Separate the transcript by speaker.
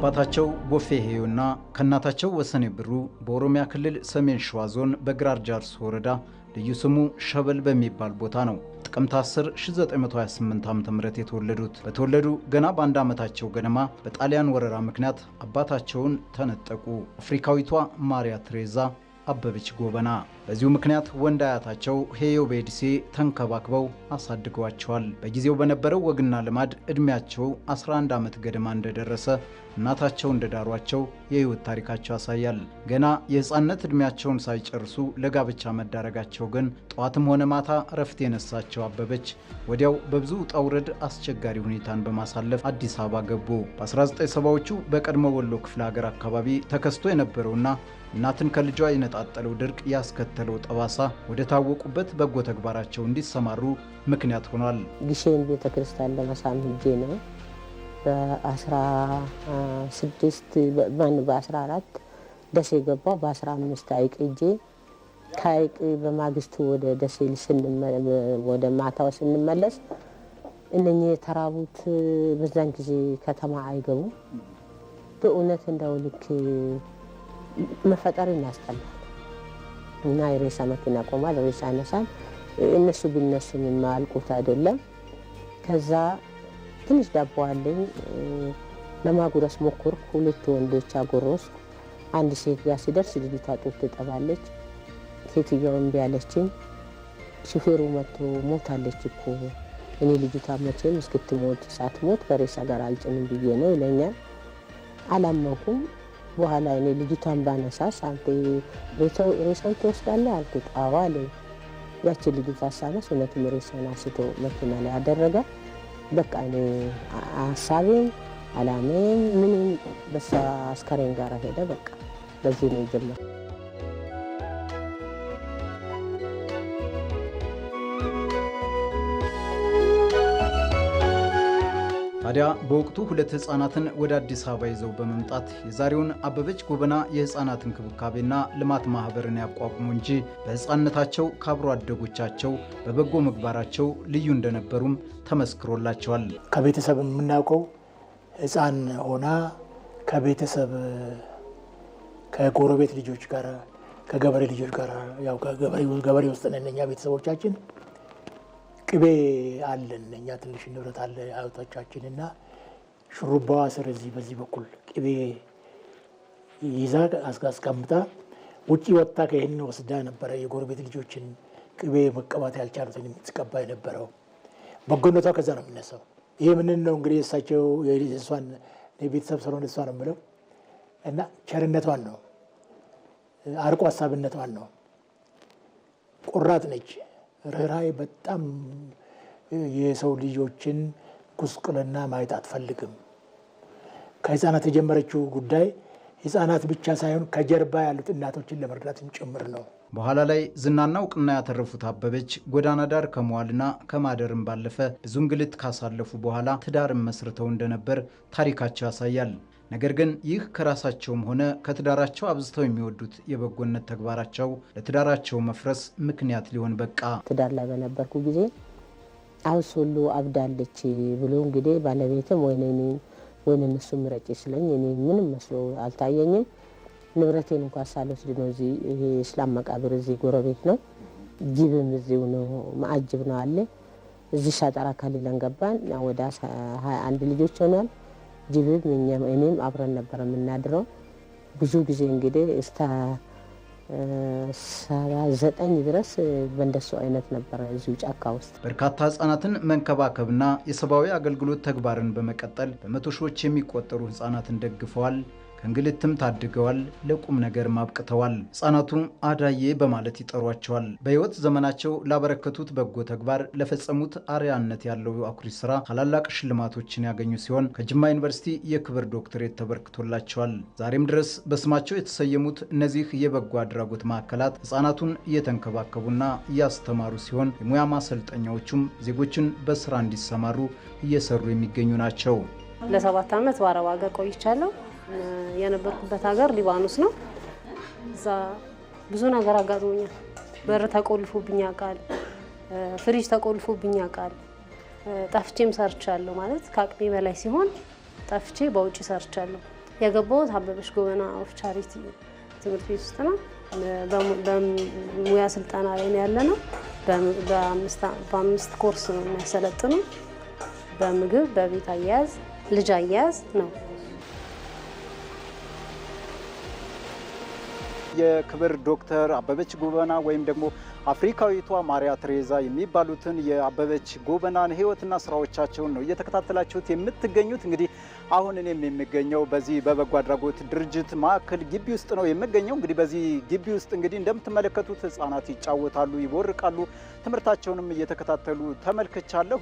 Speaker 1: ከአባታቸው ቦፌ ሄዮና ከእናታቸው ወሰኔ ብሩ በኦሮሚያ ክልል ሰሜን ሸዋ ዞን በግራር ጃርሶ ወረዳ ልዩ ስሙ ሸበል በሚባል ቦታ ነው ጥቅምት 10 1928 ዓ.ም የተወለዱት። በተወለዱ ገና በአንድ ዓመታቸው ገደማ በጣሊያን ወረራ ምክንያት አባታቸውን ተነጠቁ። አፍሪካዊቷ ማሪያ ትሬዛ አበበች ጎበና። በዚሁ ምክንያት ወንድ አያታቸው ሄዮ ቤዲሴ ተንከባክበው አሳድገዋቸዋል። በጊዜው በነበረው ወግና ልማድ ዕድሜያቸው 11 ዓመት ገደማ እንደደረሰ እናታቸው እንደዳሯቸው የህይወት ታሪካቸው ያሳያል። ገና የህፃንነት ዕድሜያቸውን ሳይጨርሱ ለጋብቻ መዳረጋቸው ግን ጠዋትም ሆነ ማታ እረፍት የነሳቸው አበበች ወዲያው በብዙ ውጣ ውረድ አስቸጋሪ ሁኔታን በማሳለፍ አዲስ አበባ ገቡ። በ1970ዎቹ በቀድሞ ወሎ ክፍለ ሀገር አካባቢ ተከስቶ የነበረውና እናትን ከልጇ የነጣጠለው ድርቅ ያስከተለው ጠባሳ ወደ ታወቁበት በጎ ተግባራቸው እንዲሰማሩ ምክንያት ሆኗል።
Speaker 2: ግሼን ቤተክርስቲያን ለመሳም ሄጄ ነው በ16 በ14 ደሴ ገባሁ። በ15 ሐይቅ ሄጄ ከሐይቅ በማግስቱ ወደ ደሴ ወደ ማታው ስንመለስ እነኚህ የተራቡት በዛን ጊዜ ከተማ አይገቡም። በእውነት እንደው ልክ መፈጠር እናስጠላል እና የሬሳ መኪና ቆማል፣ ሬሳ ይነሳል። እነሱ ቢነሱ የማያልቁት አይደለም ከዛ ትንሽ ዳቦ አለኝ ለማጉረስ ሞከርኩ። ሁለት ወንዶች አጎረስኩ። አንድ ሴት ጋር ሲደርስ ልጅቷ ጡት ትጠባለች። ሴትየው እምቢ አለችኝ። ሹፌሩ መጥቶ ሞታለች እኮ እኔ ልጅቷ መቼም እስክትሞት ሳትሞት ከሬሳ ጋር አልጭንም ብዬ ነው ይለኛል። አላመኩም። በኋላ እኔ ልጅቷን ባነሳስ አንተ ሬሳውን ትወስዳለህ አልኩት። አዋ አለኝ። ያችን ልጅቷ ሳነስ እውነትም ሬሳውን አንስቶ መኪና ላይ አደረጋል። በቃ እኔ ሀሳቤም አላሜም ምንም በሳ አስከሬን ጋር ሄደ። በቃ በዚህ ነው የጀመረው።
Speaker 1: ታዲያ በወቅቱ ሁለት ህፃናትን ወደ አዲስ አበባ ይዘው በመምጣት የዛሬውን አበበች ጎበና የህፃናት እንክብካቤና ልማት ማህበርን ያቋቁሙ እንጂ በህፃንነታቸው ከአብሮ አደጎቻቸው በበጎ ምግባራቸው ልዩ እንደነበሩም ተመስክሮላቸዋል።
Speaker 3: ከቤተሰብ የምናውቀው ህፃን ሆና ከቤተሰብ ከጎረቤት ልጆች ጋር ከገበሬ ልጆች ጋር ያው ገበሬ ውስጥ ነን እኛ ቤተሰቦቻችን ቅቤ አለን እኛ ትንሽ ንብረት አለ አያቶቻችን እና ሹሩባዋ ስር እዚህ በዚህ በኩል ቅቤ ይዛ አስቀምጣ ውጭ ወጥታ ከይህን ወስዳ ነበረ የጎረቤት ልጆችን ቅቤ መቀባት ያልቻሉትን የምትቀባ የነበረው በጎነቷ ከዛ ነው የሚነሳው። ይሄ ምንን ነው እንግዲህ እሳቸው የእሷን የቤተሰብ ስለሆነ እሷ ነው የምለው እና ቸርነቷን ነው አርቆ ሀሳብነቷን ነው። ቁራጥ ነች። ርኅራኄ በጣም የሰው ልጆችን ጉስቁልና ማየት አትፈልግም። ከህፃናት የጀመረችው ጉዳይ ህፃናት ብቻ ሳይሆን ከጀርባ ያሉት እናቶችን ለመርዳትም ጭምር ነው።
Speaker 1: በኋላ ላይ ዝናና እውቅና ያተረፉት አበበች ጎዳና ዳር ከመዋልና ከማደርም ባለፈ ብዙ እንግልት ካሳለፉ በኋላ ትዳርን መስርተው እንደነበር ታሪካቸው ያሳያል። ነገር ግን ይህ ከራሳቸውም ሆነ ከትዳራቸው አብዝተው የሚወዱት የበጎነት ተግባራቸው ለትዳራቸው መፍረስ ምክንያት ሊሆን በቃ።
Speaker 2: ትዳር ላይ በነበርኩ ጊዜ አሁን ሁሉ አብዳለች ብሎ እንግዲህ ባለቤትም ወይ እኔ ወይም እነሱ ምረጭ ስለኝ እኔ ምንም መስሎ አልታየኝም። ንብረቴን እንኳ ሳልወስድ ነው እዚህ ይሄ እስላም መቃብር እዚህ ጎረቤት ነው፣ ጅብም እዚሁ ነው፣ ማአጅብ ነው አለ። እዚህ ሻጠራ ካሌለን ገባን። ወደ ሀያ አንድ ልጆች ሆኗል። ጅብም እኔም አብረን ነበር የምናድረው። ብዙ ጊዜ እንግዲህ እስከ ሰባ ዘጠኝ ድረስ በእንደሱ አይነት ነበረ እዚሁ ጫካ ውስጥ።
Speaker 1: በርካታ ህጻናትን መንከባከብና የሰብአዊ አገልግሎት ተግባርን በመቀጠል በመቶ ሺዎች የሚቆጠሩ ህጻናትን ደግፈዋል። እንግልትም ታድገዋል፣ ለቁም ነገርም አብቅተዋል። ህጻናቱም አዳዬ በማለት ይጠሯቸዋል። በህይወት ዘመናቸው ላበረከቱት በጎ ተግባር ለፈጸሙት አርያነት ያለው አኩሪ ስራ ታላላቅ ሽልማቶችን ያገኙ ሲሆን ከጅማ ዩኒቨርሲቲ የክብር ዶክትሬት ተበርክቶላቸዋል። ዛሬም ድረስ በስማቸው የተሰየሙት እነዚህ የበጎ አድራጎት ማዕከላት ህጻናቱን እየተንከባከቡና እያስተማሩ ሲሆን የሙያ ማሰልጠኛዎቹም ዜጎችን በስራ እንዲሰማሩ እየሰሩ የሚገኙ ናቸው።
Speaker 4: ለሰባት ዓመት በአረብ ሀገር ቆይቻለሁ። የነበርኩበት ሀገር ሊባኖስ ነው። እዛ ብዙ ነገር አጋጥሞኛል። በር ተቆልፎብኝ ቃል፣ ፍሪጅ ተቆልፎብኝ ቃል ጠፍቼም ሰርቻለሁ። ማለት ከአቅሜ በላይ ሲሆን ጠፍቼ በውጭ ሰርቻለሁ። የገባሁት አበበች ጎበና ኦፍ ቻሪቲ ትምህርት ቤት ውስጥ ነው። በሙያ ስልጠና ላይ ነው ያለ ነው። በአምስት ኮርስ ነው የሚያሰለጥኑ። በምግብ በቤት አያያዝ ልጅ አያያዝ ነው
Speaker 5: የክብር ዶክተር አበበች ጎበና ወይም ደግሞ አፍሪካዊቷ ማሪያ ቴሬዛ የሚባሉትን የአበበች ጎበናን ህይወትና ስራዎቻቸውን ነው እየተከታተላችሁት የምትገኙት። እንግዲህ አሁን እኔም የሚገኘው በዚህ በበጎ አድራጎት ድርጅት ማዕከል ግቢ ውስጥ ነው የምገኘው። እንግዲህ በዚህ ግቢ ውስጥ እንግዲህ እንደምትመለከቱት ህፃናት ይጫወታሉ፣ ይቦርቃሉ፣ ትምህርታቸውንም እየተከታተሉ ተመልክቻለሁ።